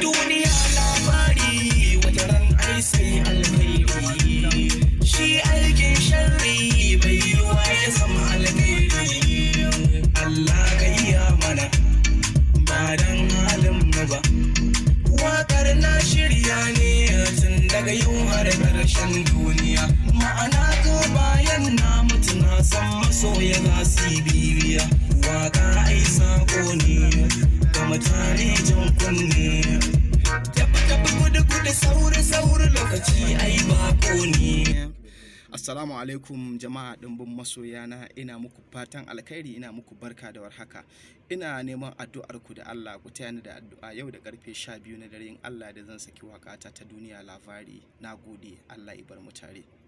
Duniya labari wata ran ai sai shi aikin sharri bai yi wa ya zama alkhairi Allah ka mana ba dan halin mu ba wakar na shirya ne tun daga yau har karshen duniya ma'ana ko bayan na mutu na san masoya za su bibiya kone kama tare jan kunne gudu gudu saurin lokaci ai ba Assalamu alaikum jama'a ɗimbin masoya na ina muku fatan alkhairi ina muku barka da warhaka ina neman addu'arku da Allah ku tayani da addu'a yau da karfe biyu na dare Allah da zan saki wakata ta duniya labari gode. Allah ibar mu tare